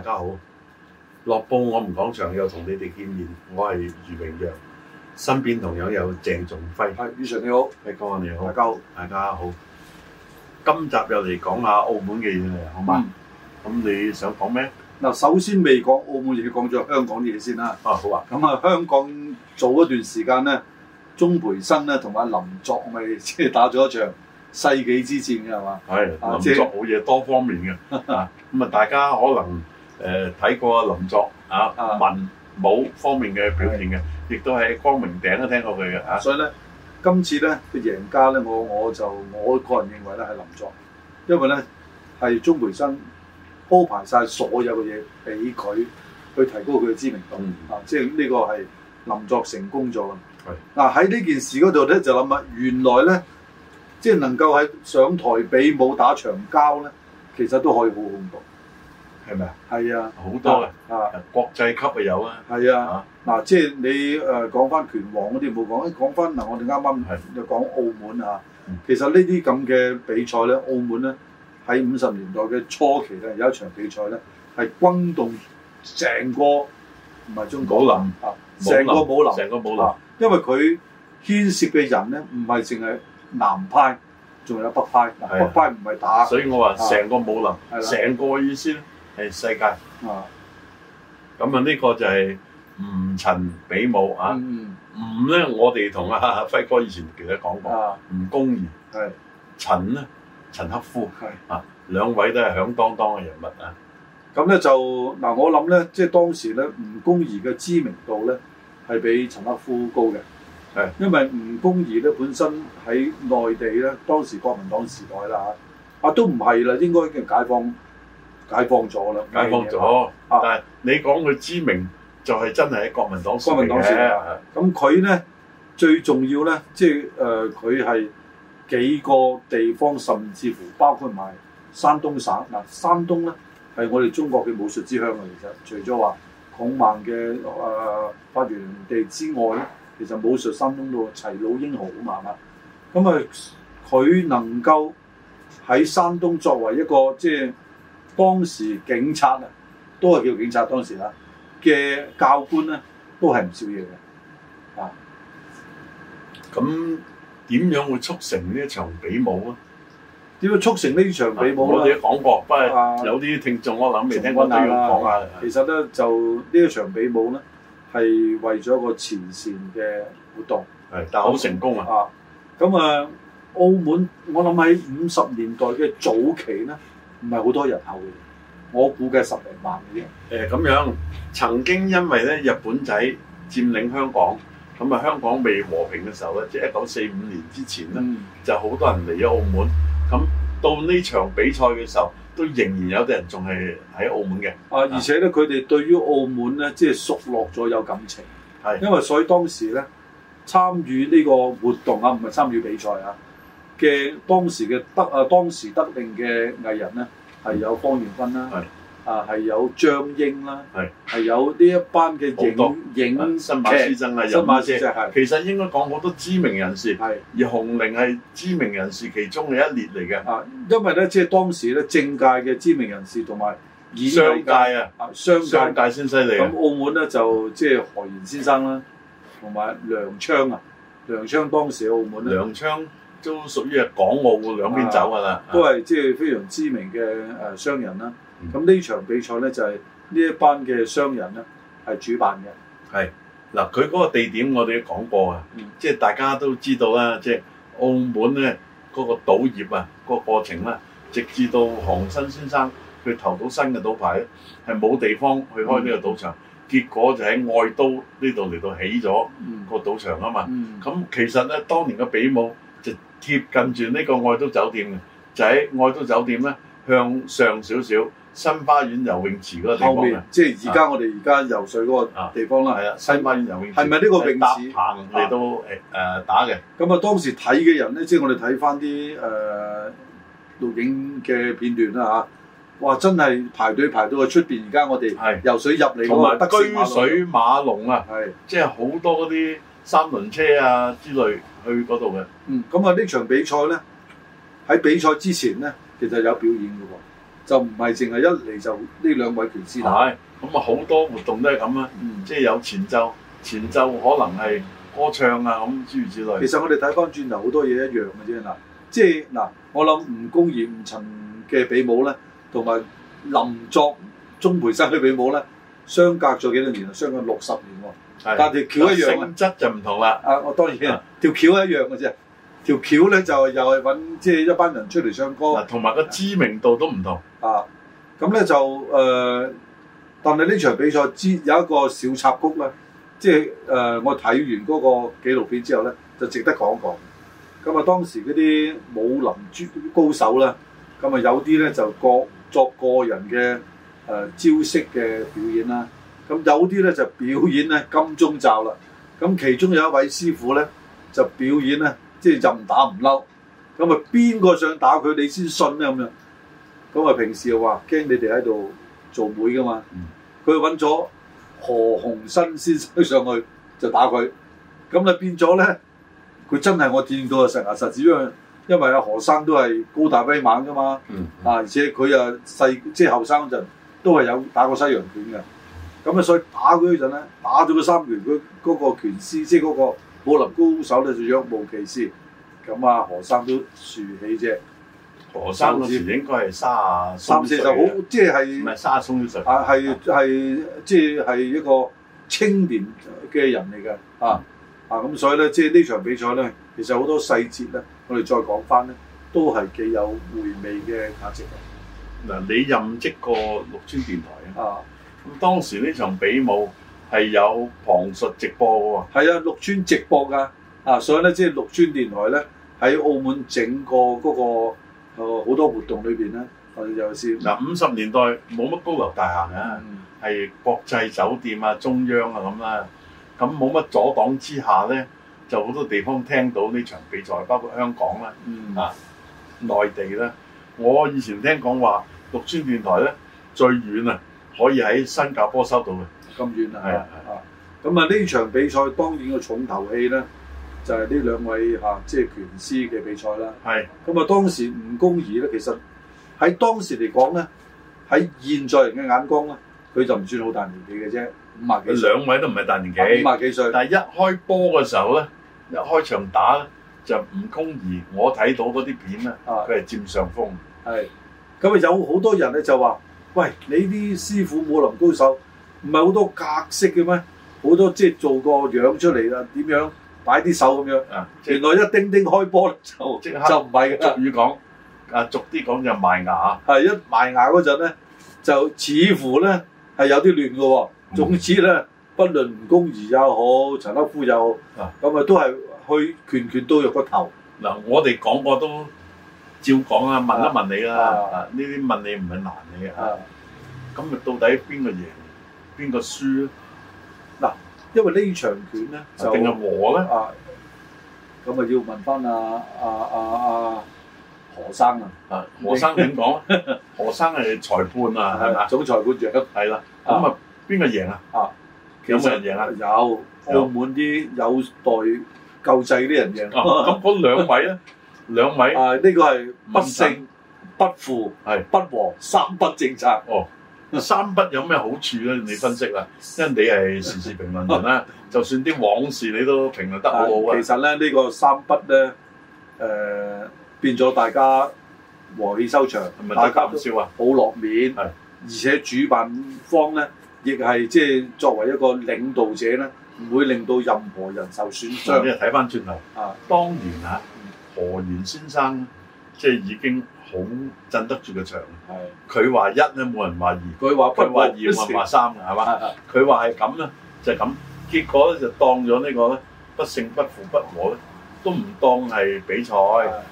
大家好，樂報我們講場又同你哋見面，我係余榮陽，身邊同樣有鄭仲輝。係，余常你好，係，各位你好，大家好，大家好。今集又嚟講下澳門嘅嘢嚟，好嘛？咁、嗯、你想講咩？嗱，首先未講澳門嘢，講咗香港啲嘢先啦。啊，好啊。咁啊，香港早一段時間咧，鍾培生咧同阿林作咪即係打咗一場世紀之戰嘅係嘛？係，林作好嘢，多方面嘅。咁啊，就是、大家可能。誒睇、呃、過阿林作啊，文武、啊、方面嘅表現嘅，亦都喺光明頂都聽過佢嘅嚇。啊、所以咧，今次咧嘅贏家咧，我我就我個人認為咧係林作，因為咧係鍾培生鋪排晒所有嘅嘢俾佢去提高佢嘅知名度、嗯、啊，即係呢個係林作成功咗。係。嗱，喺呢件事嗰度咧就諗下，原來咧即係能夠喺上台比武打長交咧，其實都可以好恐怖。係咪啊？係啊，好多嘅啊，國際級啊有啊。係啊，嗱、啊啊，即係你誒講翻拳王嗰啲冇講，講翻嗱我哋啱啱又講澳門的啊。其實呢啲咁嘅比賽咧，澳門咧喺五十年代嘅初期咧，有一場比賽咧係轟動成個唔係中國武林啊，成個武林，成林個武林。啊、因為佢牽涉嘅人咧，唔係淨係南派，仲有北派。的北派唔係打，所以我話成個武林，成的個意思呢。係世界啊！咁啊呢個就係吳陳比武，嗯、吳呢啊！吳咧我哋同阿輝哥以前其實講過，吳、嗯、公儀係陳咧陳克夫係是啊，兩位都係響當當嘅人物啊！咁咧就嗱，我諗咧即係當時咧吳公儀嘅知名度咧係比陳克夫高嘅，係是因為吳公儀咧本身喺內地咧，當時國民黨時代啦吓，啊都唔係啦，應該叫解放。解放咗啦，解放咗。啊、但係你講佢知名就係、是、真係喺國民黨時期嘅。咁佢咧最重要咧，即係誒佢係幾個地方，甚至乎包括埋山東省嗱、啊。山東咧係我哋中國嘅武術之鄉。啊，其實除咗話孔孟嘅誒發源地之外咧，其實武術山東都齊魯英雄咁啊嘛。咁啊，佢、啊、能夠喺山東作為一個即係。當時警察啊，都係叫警察。當時啦嘅教官咧，都係唔少嘢嘅啊。咁點樣會促成呢場比武啊？點樣促成呢場比武我哋講過，不過、啊、有啲聽眾、啊、我諗未聽過都要講下。其實咧，就呢場比武咧，係為咗個慈善嘅活動，係是但係是好成功啊。啊，咁啊，澳門我諗喺五十年代嘅早期咧。唔係好多人口嘅，我估計十零萬嘅。咁樣，曾經因為咧日本仔佔領香港，咁啊，香港未和平嘅時候咧，即係一九四五年之前咧，嗯、就好多人嚟咗澳門。咁到呢場比賽嘅時候，都仍然有啲人仲係喺澳門嘅。啊，而且咧，佢哋對於澳門咧，即係熟落咗有感情。係，因為所以當時咧，參與呢個活動啊，唔係參與比賽啊。嘅當時嘅得啊，當時得令嘅藝人咧，係有芳艷芬啦，啊係有張瑛啦，係有呢一班嘅影影新馬先生。係有嘅，其實應該講好多知名人士，而紅伶係知名人士其中嘅一列嚟嘅。啊，因為咧即係當時咧政界嘅知名人士同埋商界啊，商界界先犀利。咁澳門咧就即係何賢先生啦，同埋梁昌啊，梁昌當時喺澳門咧，都屬於係港澳兩邊走噶啦、啊，都係即係非常知名嘅誒商人啦。咁呢、嗯、場比賽呢，就係、是、呢一班嘅商人呢係主辦嘅。係嗱，佢嗰個地點我哋都講過啊，嗯、即係大家都知道啦，即係澳門呢嗰、那個賭業啊，個過程呢，直至到韓新先生佢投到新嘅賭牌呢，係冇地方去開呢個賭場，嗯、結果就喺外都呢度嚟到起咗個賭場啊嘛。咁、嗯、其實呢，當年嘅比武。貼近住呢個愛都酒店嘅，就喺愛都酒店咧向上少少新花園游泳池嗰個地方，即係而家我哋而家游水嗰個地方啦，係啊，新花園游泳。係咪呢個泳池？打嚟都誒誒打嘅。咁啊，當時睇嘅人咧，即係我哋睇翻啲誒錄影嘅片段啦吓，哇，真係排隊排到去出邊！而家我哋係游水入嚟嗰個。同埋居水馬龍啊，係即係好多嗰啲三輪車啊之類。去嗰度嘅，嗯，咁啊呢場比賽咧，喺比賽之前咧，其實有表演嘅喎，就唔係淨係一嚟就呢兩位拳師大，咁啊好多活動都係咁啊，即係、嗯嗯就係、有前奏，前奏可能係歌唱啊咁諸如此類。其實我哋睇翻轉頭好多嘢一樣嘅啫，嗱，即係嗱，我諗吳公儀吳陳嘅比武咧，同埋林作鐘培生嘅比武咧，相隔咗幾多年啊？相隔六十年喎，的但係條橋一樣，性質就唔同啦。啊，我當然。條橋一樣嘅啫，條橋咧就又係揾即係一班人出嚟唱歌。同埋個知名度都唔同啊。咁咧就誒、呃，但係呢場比賽有一個小插曲咧，即係誒我睇完嗰個紀錄片之後咧，就值得講講講。咁啊，當時嗰啲武林諸高手呢，咁啊有啲咧就各作個人嘅誒、呃、招式嘅表演啦。咁有啲咧就表演咧金鐘罩啦。咁其中有一位師傅咧。就表演咧，即係就唔打唔嬲，咁啊邊個想打佢，你先信咧咁樣。咁啊平時又話驚你哋喺度做媒噶嘛。佢揾咗何鴻燊先生上去就打佢，咁啊變咗咧，佢真係我見到啊成日實，只不過因為阿何生都係高大威猛噶嘛，啊、嗯、而且佢啊細即係後生嗰陣都係有打過西洋拳嘅，咁啊所以打佢嗰陣咧，打咗佢三拳，佢嗰個拳師即係嗰個。武林高手咧就若無其事，咁啊何生都豎起隻何生嗰時應該係卅啊，三四十就好，即係唔係卅啊歲啊係係即係一個青年嘅人嚟嘅、嗯、啊啊咁所以咧即係呢場比賽咧，其實好多細節咧，我哋再講翻咧，都係幾有回味嘅價值。嗱，你任職過六村電台啊？啊，咁當時呢場比武。係有旁述直播嘅喎、啊，係啊，綠村直播噶啊，所以咧，即、就、係、是、綠村電台咧喺澳門整個嗰、那個好、呃、多活動裏邊咧，我哋又是嗱五十年代冇乜高樓大廈嘅、啊，係、嗯、國際酒店啊、中央啊咁啦、啊，咁冇乜阻擋之下咧，就好多地方聽到呢場比賽，包括香港啦啊、嗯、啊內地啦，我以前聽講話綠村電台咧最遠啊，可以喺新加坡收到嘅。咁遠是的 啊！嚇咁是的 啊！呢場比賽當然個重頭戲咧，就係呢兩位嚇即係拳師嘅比賽啦。係咁啊！當時吳公儀咧，其實喺當時嚟講咧，喺現在人嘅眼光咧，佢就唔算好大年紀嘅啫，五啊幾？佢兩位都唔係大年紀，五啊幾歲？但係一開波嘅時候咧，一開場打就吳公儀，我睇到嗰啲片咧，佢係、啊、佔上風。係咁啊！嗯、有好多人咧就話：喂，你啲師傅武林高手。唔係好多格式嘅咩？好多即係做個樣出嚟啦，點樣擺啲手咁樣？啊，原來一叮叮開波就即刻就唔係嘅俗語講啊，俗啲講就埋牙。係一埋牙嗰陣咧，就似乎咧係有啲亂嘅喎。總之咧，不論吳公儀又好陳克夫又好啊，咁啊都係去拳拳到肉個頭。嗱，我哋講過都照講啊，問一問你啦。啊，呢啲問你唔係難你啊。啊，咁啊到底邊個贏？邊個輸咧？嗱，因為呢場拳咧就和咧，啊，咁啊要問翻阿阿阿阿何生啊，啊何生點講咧？何生係裁判啊，係嘛？總裁判長係啦，咁啊邊個贏啊？啊，有冇人贏啊？有澳門啲有待救濟啲人贏。咁嗰兩位咧，兩位？啊，呢個係不勝不負，係不和三不政策。哦。三筆有咩好處咧？你分析啦，因為你係時事評論人啦， 就算啲往事你都評論得好好啊。其實咧，呢、呢個三筆咧，誒、呃、變咗大家和氣收場，係咪大家唔笑啊，好落面，的而且主辦方咧亦係即係作為一個領導者咧，唔會令到任何人受損傷、嗯。你睇翻轉頭啊，當然啦，何賢先生即係已經。好震得住個場，佢話一咧冇人話二，佢話不話二冇人話三，係嘛？佢話係咁咧，就係咁。結果咧就當咗呢個咧，不勝不負不和咧，都唔當係比賽，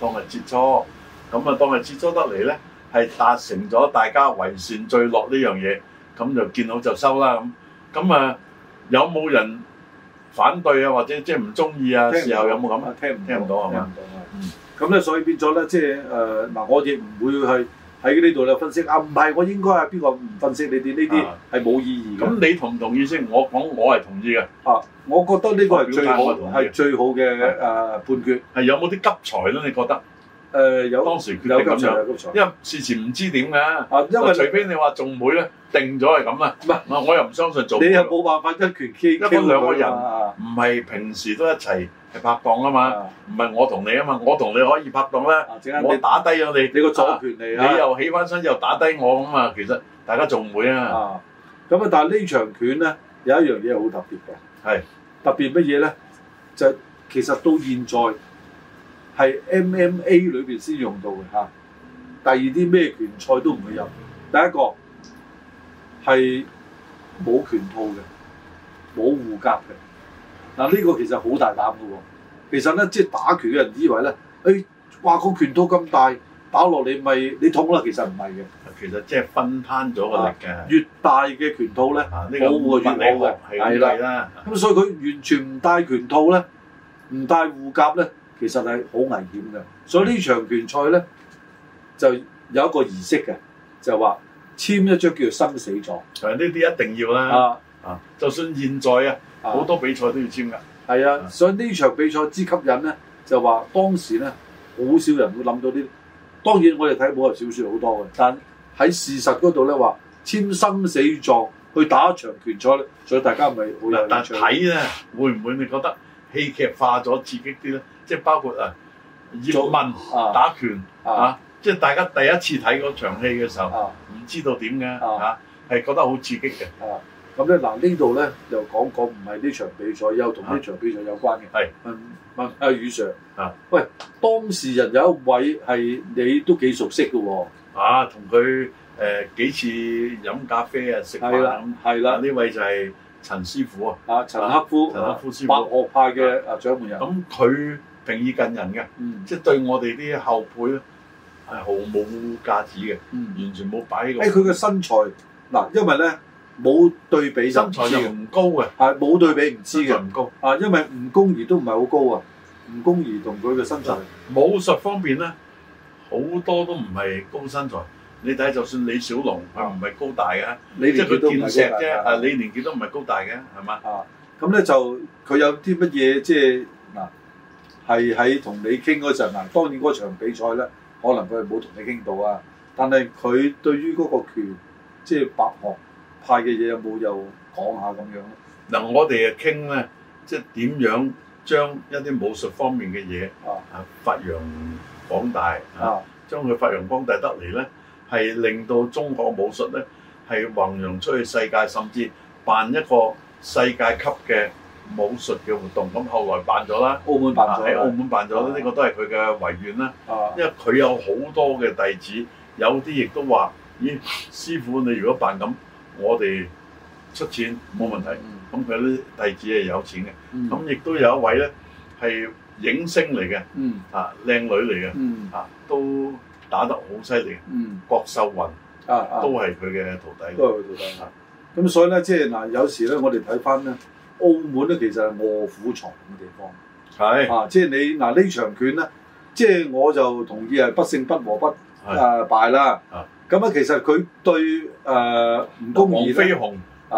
當係切磋。咁啊，當係切磋得嚟咧，係達成咗大家為善最樂呢樣嘢。咁就見好就收啦。咁咁啊，有冇人反對啊？或者即係唔中意啊？時候有冇咁啊？聽唔聽唔到係嘛？咁咧，所以變咗咧，即係誒嗱，我哋唔會去喺呢度咧分析啊，唔係我應該係邊個唔分析你哋？呢啲係冇意義。咁，啊，你同唔同意先？我講我係同意嘅。啊，我覺得呢個係最，最好係最好嘅誒判決。係有冇啲急才咧？你覺得？誒有當時佢有咁樣，因為事前唔知點嘅。因為除非你話仲會咧，定咗係咁啊。我又唔相信仲。你又冇辦法一拳 KO 到佢啊！啊兩個人唔係平時都一齊係拍檔啊嘛，唔係我同你啊嘛，我同你可以拍檔咧。啊，我打低咗你，你個左拳嚟，你又起翻身又打低我咁啊！其實大家仲會啊。咁啊，但係呢場拳咧有一樣嘢好特別嘅，係特別乜嘢咧？就其實到現在。係 MMA 裏邊先用到嘅嚇，第二啲咩拳賽都唔會有。第一個係冇拳套嘅，冇護甲嘅。嗱、這、呢個其實好大膽嘅喎。其實咧，即係打拳嘅人以為咧，誒哇個拳套咁大打落你咪你痛啦。其實唔係嘅。其實即係分攤咗個力嘅。越大嘅拳套咧，冇、啊、個遠力嘅，係啦。咁了的所以佢完全唔帶拳套咧，唔帶護甲咧。其實係好危險嘅，所以呢場拳賽咧就有一個儀式嘅，就係話簽一張叫做生死狀，係呢啲一定要啦。啊啊，就算現在啊，好多比賽都要簽㗎。係啊，啊所以呢場比賽之吸引咧，就話當時咧好少人會諗到啲。當然我哋睇武俠小說好多嘅，但喺事實嗰度咧話簽生死狀去打一場拳賽咧，所以大家咪好有興趣。但睇咧會唔會你覺得戲劇化咗刺激啲咧？即係包括啊葉問打拳嚇，即係大家第一次睇嗰場戲嘅時候，唔知道點嘅嚇，係覺得好刺激嘅嚇。咁咧，嗱呢度咧就講講唔係呢場比賽，又同呢場比賽有關嘅。係問阿雨 Sir 嚇，喂，當事人有一位係你都幾熟悉嘅喎嚇，同佢誒幾次飲咖啡啊食飯咁。係啦，係啦，呢位就係陳師傅啊，啊陳克夫，陳克夫師傅白鶴派嘅啊掌門人。咁佢。平易近人嘅，即係對我哋啲後輩咧係毫冇架子嘅，完全冇擺喺度。誒，佢嘅身材嗱，因為咧冇對比就身材就唔高嘅，係冇對比唔知嘅，身材唔高啊，因為吳公儀都唔係好高啊，吳公儀同佢嘅身材武術方面咧好多都唔係高身材，你睇就算李小龍，佢唔係高大嘅，即係佢劍術啫。啊，李連杰都唔係高大嘅，係嘛？啊，咁咧就佢有啲乜嘢即係？係喺同你傾嗰陣啊，當然嗰場比賽咧，可能佢冇同你傾到啊。但係佢對於嗰個拳，即係白鶴派嘅嘢有冇又講下咁樣咧？嗱，我哋啊傾咧，即係點樣將一啲武術方面嘅嘢啊啊發揚廣大啊，啊將佢發揚廣大得嚟咧，係令到中國武術咧係弘揚出去世界，甚至辦一個世界級嘅。武術嘅活動，咁後來辦咗啦，澳門辦喺澳門辦咗，呢個都係佢嘅遺願啦。因為佢有好多嘅弟子，有啲亦都話，咦，師傅你如果辦咁，我哋出錢冇問題。咁佢啲弟子係有錢嘅，咁亦都有一位咧係影星嚟嘅，啊靚女嚟嘅，啊都打得好犀利。郭秀雲啊，都係佢嘅徒弟。都係佢徒弟。咁所以咧，即係嗱，有時咧，我哋睇翻咧。澳門咧其實係卧虎藏龍嘅地方，係是啊，即、就、係、是、你嗱呢、啊、場拳咧，即、就、係、是、我就同意係不勝不和不是啊敗啦。咁啊其實佢對誒吳、呃、公儀、黃飛鴻、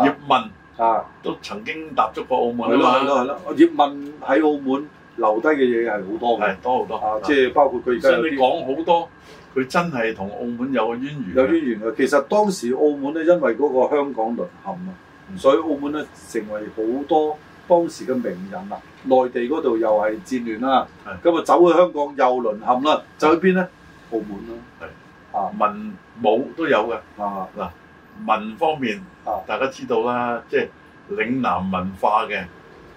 葉問啊，啊都曾經踏足過澳門。係啦係啦，葉問喺澳門留低嘅嘢係好多嘅，多好多。即係、啊、的包括佢而家。你講好多，佢真係同澳門有個淵源。有淵源啊！其實當時澳門咧，因為嗰個香港淪陷啊。所以澳門咧成為好多當時嘅名人啦，內地嗰度又係戰亂啦，咁啊走去香港又淪陷啦，走去邊咧？澳門咯。係啊，文武都有嘅。啊，嗱，文方面，大家知道啦，即係嶺南文化嘅，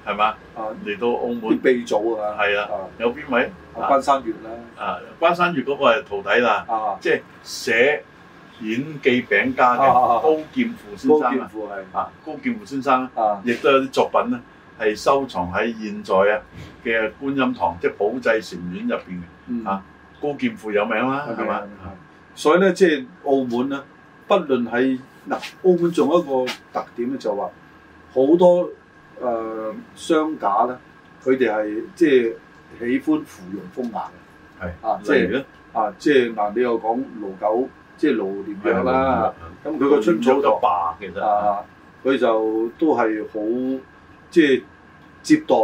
係嘛？啊，嚟到澳門。鼻祖啊！係啊，有邊位？關山月啦。啊，關山月嗰個係徒弟啦。啊，即係寫。演技餅家嘅高劍父先生啊，啊啊高劍父係啊，高劍父先生亦都有啲作品咧，係收藏喺現在啊嘅觀音堂，即係寶濟禪院入邊嘅。啊，高劍父有名啦，係嘛？所以咧，即係澳門咧，不論喺嗱，澳門仲有一個特點咧、呃，就話好多誒商賈咧，佢哋係即係喜歡附庸風雅嘅。係啊，即係咧啊，即係嗱，你又講盧九。即係老點樣啦，咁佢個出草就白嘅，其實，佢就都係好即係接待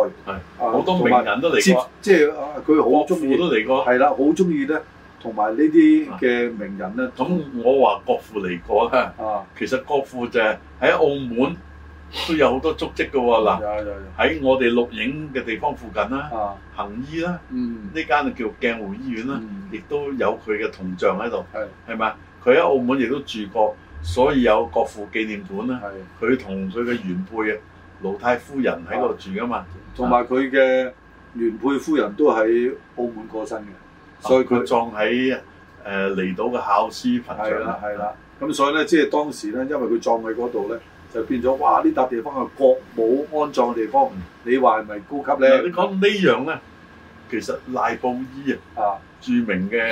好多名人都嚟過，即係佢好中意，都嚟過係啦，好中意咧，同埋呢啲嘅名人咧。咁我話國父嚟過啦，其實國父就係喺澳門。都有好多足跡嘅喎、啊，嗱喺我哋錄影嘅地方附近啦、啊，啊、行醫啦、啊，呢間、嗯、叫鏡湖醫院啦、啊，亦、嗯、都有佢嘅銅像喺度，係咪的？佢喺澳門亦都住過，所以有國父紀念館啦、啊，佢同佢嘅原配盧太夫人喺度住噶嘛，同埋佢嘅原配夫人都喺澳門過身嘅，啊、所以佢葬喺誒離島嘅孝思墳場，係啦，咁所以咧，即係當時咧，因為佢葬喺嗰度咧。就變咗哇！呢、這、笪、個、地方係國母安葬嘅地方，你話係咪高級咧？你講呢樣咧，其實賴布衣啊，著名嘅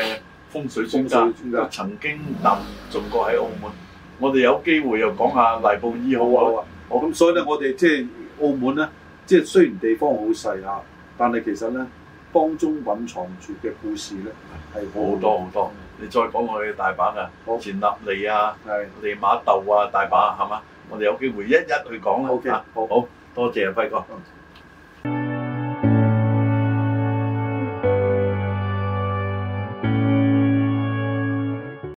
風水專家,風水家曾經臨中過喺澳門。我哋有機會又講下賴布衣好啊。好啊。咁所以咧，我哋即係澳門咧，即係雖然地方好細啊，但係其實咧，當中蘊藏住嘅故事咧係、嗯、好多好多。你再講下嘅大把啊，好錢納是利啊，利瑪竇啊，大把係嘛？我哋有機會一一去講啦，嚇吧，好好，好，好多謝輝哥。